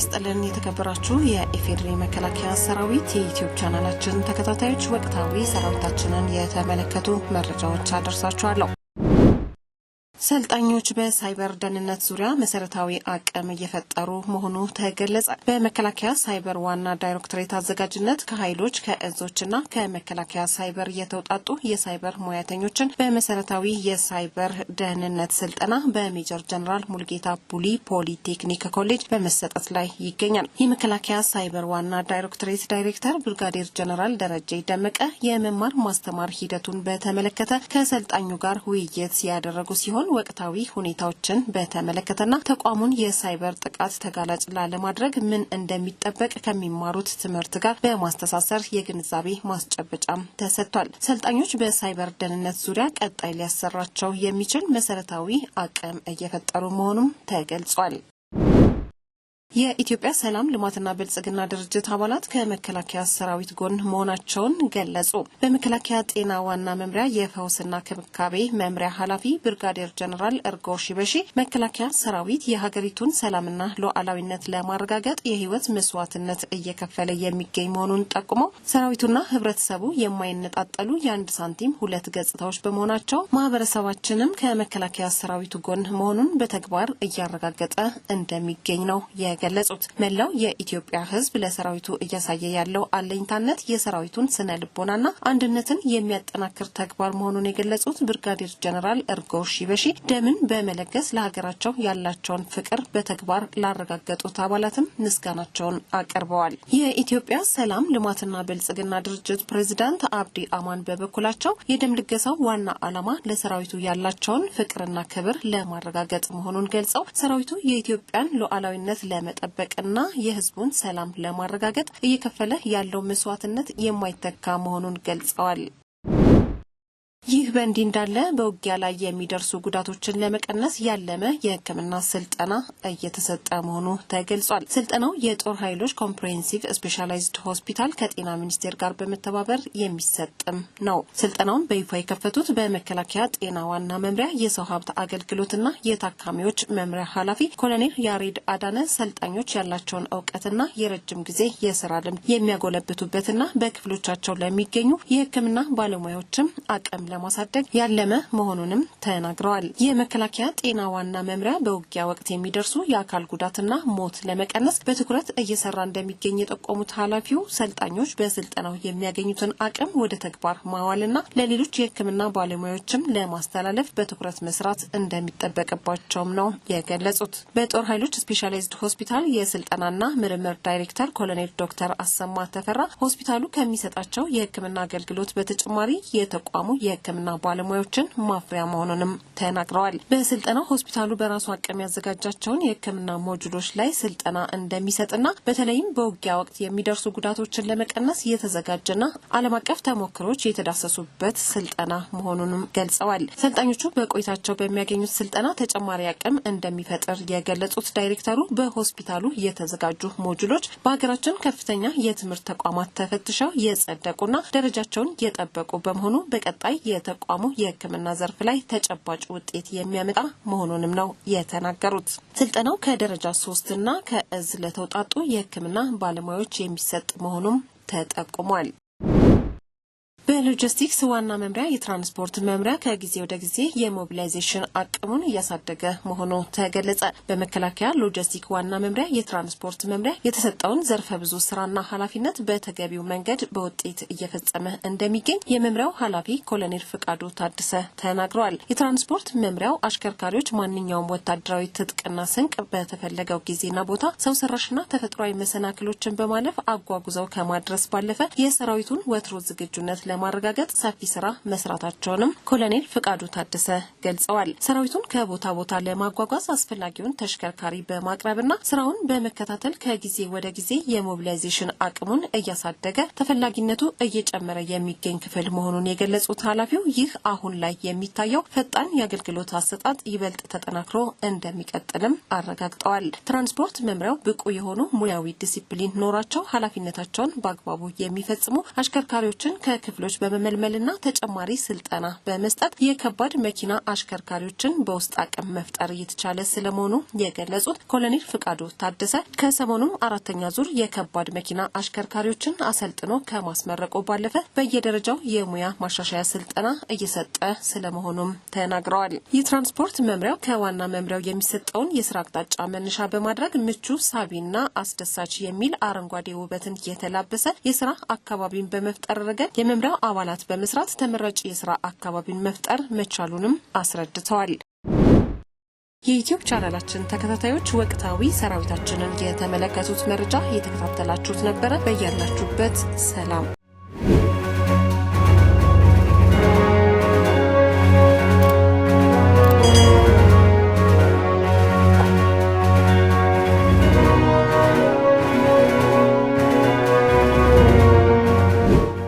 ይስጥልን የተከበራችሁ የኢፌዴሪ መከላከያ ሰራዊት የዩትዩብ ቻናላችን ተከታታዮች ወቅታዊ ሰራዊታችንን የተመለከቱ መረጃዎች አደርሳችኋለሁ። ሰልጣኞች በሳይበር ደህንነት ዙሪያ መሰረታዊ አቅም እየፈጠሩ መሆኑ ተገለጸ። በመከላከያ ሳይበር ዋና ዳይሬክቶሬት አዘጋጅነት ከኃይሎች ከእዞችና ከመከላከያ ሳይበር የተውጣጡ የሳይበር ሙያተኞችን በመሰረታዊ የሳይበር ደህንነት ስልጠና በሜጀር ጀነራል ሙልጌታ ቡሊ ፖሊቴክኒክ ኮሌጅ በመሰጠት ላይ ይገኛል። የመከላከያ ሳይበር ዋና ዳይሬክቶሬት ዳይሬክተር ብርጋዴር ጀነራል ደረጀ ደመቀ የመማር ማስተማር ሂደቱን በተመለከተ ከሰልጣኙ ጋር ውይይት ያደረጉ ሲሆን ወቅታዊ ሁኔታዎችን በተመለከተና ተቋሙን የሳይበር ጥቃት ተጋላጭ ላለማድረግ ምን እንደሚጠበቅ ከሚማሩት ትምህርት ጋር በማስተሳሰር የግንዛቤ ማስጨበጫም ተሰጥቷል። ሰልጣኞች በሳይበር ደህንነት ዙሪያ ቀጣይ ሊያሰራቸው የሚችል መሰረታዊ አቅም እየፈጠሩ መሆኑም ተገልጿል። የኢትዮጵያ ሰላም ልማትና ብልጽግና ድርጅት አባላት ከመከላከያ ሰራዊት ጎን መሆናቸውን ገለጹ። በመከላከያ ጤና ዋና መምሪያ የፈውስና ክብካቤ መምሪያ ኃላፊ ብርጋዴር ጀኔራል እርጎ ሺበሺ መከላከያ ሰራዊት የሀገሪቱን ሰላምና ሉዓላዊነት ለማረጋገጥ የህይወት መስዋዕትነት እየከፈለ የሚገኝ መሆኑን ጠቁመው ሰራዊቱና ህብረተሰቡ የማይነጣጠሉ የአንድ ሳንቲም ሁለት ገጽታዎች በመሆናቸው ማህበረሰባችንም ከመከላከያ ሰራዊቱ ጎን መሆኑን በተግባር እያረጋገጠ እንደሚገኝ ነው ገለጹት። መላው የኢትዮጵያ ሕዝብ ለሰራዊቱ እያሳየ ያለው አለኝታነት የሰራዊቱን ስነ ልቦናና አንድነትን የሚያጠናክር ተግባር መሆኑን የገለጹት ብርጋዴር ጀነራል እርጎ ሺበሺ ደምን በመለገስ ለሀገራቸው ያላቸውን ፍቅር በተግባር ላረጋገጡት አባላትም ምስጋናቸውን አቅርበዋል። የኢትዮጵያ ሰላም ልማትና ብልጽግና ድርጅት ፕሬዚዳንት አብዲ አማን በበኩላቸው የደም ልገሳው ዋና ዓላማ ለሰራዊቱ ያላቸውን ፍቅርና ክብር ለማረጋገጥ መሆኑን ገልጸው ሰራዊቱ የኢትዮጵያን ሉዓላዊነት ለመ ለመጠበቅና የህዝቡን ሰላም ለማረጋገጥ እየከፈለ ያለው መስዋዕትነት የማይተካ መሆኑን ገልጸዋል። በእንዲህ እንዳለ በውጊያ ላይ የሚደርሱ ጉዳቶችን ለመቀነስ ያለመ የሕክምና ስልጠና እየተሰጠ መሆኑ ተገልጿል። ስልጠናው የጦር ኃይሎች ኮምፕሬሄንሲቭ ስፔሻላይዝድ ሆስፒታል ከጤና ሚኒስቴር ጋር በመተባበር የሚሰጥም ነው። ስልጠናውን በይፋ የከፈቱት በመከላከያ ጤና ዋና መምሪያ የሰው ሀብት አገልግሎትና የታካሚዎች መምሪያ ኃላፊ ኮሎኔል ያሬድ አዳነ ሰልጣኞች ያላቸውን እውቀትና የረጅም ጊዜ የስራ ልምድ የሚያጎለብቱበትና በክፍሎቻቸው ለሚገኙ የሕክምና ባለሙያዎችም አቅም ለማሳ ለማሳደግ ያለመ መሆኑንም ተናግረዋል። የመከላከያ ጤና ዋና መምሪያ በውጊያ ወቅት የሚደርሱ የአካል ጉዳትና ሞት ለመቀነስ በትኩረት እየሰራ እንደሚገኝ የጠቆሙት ኃላፊው ሰልጣኞች በስልጠናው የሚያገኙትን አቅም ወደ ተግባር ማዋልና ለሌሎች የሕክምና ባለሙያዎችም ለማስተላለፍ በትኩረት መስራት እንደሚጠበቅባቸውም ነው የገለጹት። በጦር ኃይሎች ስፔሻላይዝድ ሆስፒታል የስልጠናና ምርምር ዳይሬክተር ኮሎኔል ዶክተር አሰማ ተፈራ ሆስፒታሉ ከሚሰጣቸው የሕክምና አገልግሎት በተጨማሪ የተቋሙ የሕክምና የጤና ባለሙያዎችን ማፍሪያ መሆኑንም ተናግረዋል። በስልጠናው ሆስፒታሉ በራሱ አቅም ያዘጋጃቸውን የሕክምና ሞጁሎች ላይ ስልጠና እንደሚሰጥና በተለይም በውጊያ ወቅት የሚደርሱ ጉዳቶችን ለመቀነስ የተዘጋጀና ዓለም አቀፍ ተሞክሮች የተዳሰሱበት ስልጠና መሆኑንም ገልጸዋል። ሰልጣኞቹ በቆይታቸው በሚያገኙት ስልጠና ተጨማሪ አቅም እንደሚፈጥር የገለጹት ዳይሬክተሩ በሆስፒታሉ የተዘጋጁ ሞጁሎች በሀገራችን ከፍተኛ የትምህርት ተቋማት ተፈትሸው የጸደቁና ደረጃቸውን የጠበቁ በመሆኑ በቀጣይ የተ ተቋሙ የሕክምና ዘርፍ ላይ ተጨባጭ ውጤት የሚያመጣ መሆኑንም ነው የተናገሩት። ስልጠናው ከደረጃ ሶስትና ከእዝ ለተውጣጡ የሕክምና ባለሙያዎች የሚሰጥ መሆኑም ተጠቁሟል። የሎጂስቲክስ ዋና መምሪያ የትራንስፖርት መምሪያ ከጊዜ ወደ ጊዜ የሞቢላይዜሽን አቅሙን እያሳደገ መሆኑ ተገለጸ። በመከላከያ ሎጂስቲክ ዋና መምሪያ የትራንስፖርት መምሪያ የተሰጠውን ዘርፈ ብዙ ስራና ኃላፊነት በተገቢው መንገድ በውጤት እየፈጸመ እንደሚገኝ የመምሪያው ኃላፊ ኮሎኔል ፍቃዱ ታድሰ ተናግረዋል። የትራንስፖርት መምሪያው አሽከርካሪዎች ማንኛውም ወታደራዊ ትጥቅና ስንቅ በተፈለገው ጊዜና ቦታ ሰው ሰራሽና ተፈጥሯዊ መሰናክሎችን በማለፍ አጓጉዘው ከማድረስ ባለፈ የሰራዊቱን ወትሮ ዝግጁነት ለማ ለማረጋገጥ ሰፊ ስራ መስራታቸውንም ኮሎኔል ፍቃዱ ታደሰ ገልጸዋል። ሰራዊቱን ከቦታ ቦታ ለማጓጓዝ አስፈላጊውን ተሽከርካሪ በማቅረብና ስራውን በመከታተል ከጊዜ ወደ ጊዜ የሞቢላይዜሽን አቅሙን እያሳደገ ተፈላጊነቱ እየጨመረ የሚገኝ ክፍል መሆኑን የገለጹት ኃላፊው ይህ አሁን ላይ የሚታየው ፈጣን የአገልግሎት አሰጣጥ ይበልጥ ተጠናክሮ እንደሚቀጥልም አረጋግጠዋል። ትራንስፖርት መምሪያው ብቁ የሆኑ ሙያዊ ዲሲፕሊን ኖራቸው ኃላፊነታቸውን በአግባቡ የሚፈጽሙ አሽከርካሪዎችን ከክፍሎች በመመልመልና ተጨማሪ ስልጠና በመስጠት የከባድ መኪና አሽከርካሪዎችን በውስጥ አቅም መፍጠር እየተቻለ ስለመሆኑ የገለጹት ኮሎኔል ፍቃዱ ታደሰ ከሰሞኑም አራተኛ ዙር የከባድ መኪና አሽከርካሪዎችን አሰልጥኖ ከማስመረቁ ባለፈ በየደረጃው የሙያ ማሻሻያ ስልጠና እየሰጠ ስለመሆኑም ተናግረዋል። የትራንስፖርት መምሪያው ከዋና መምሪያው የሚሰጠውን የስራ አቅጣጫ መነሻ በማድረግ ምቹ ሳቢና አስደሳች የሚል አረንጓዴ ውበትን የተላበሰ የስራ አካባቢን በመፍጠር ረገድ የመምሪያው አባላት በመስራት ተመራጭ የስራ አካባቢን መፍጠር መቻሉንም አስረድተዋል። የዩትዩብ ቻናላችን ተከታታዮች ወቅታዊ ሰራዊታችንን የተመለከቱት መረጃ የተከታተላችሁት ነበረ። በያላችሁበት ሰላም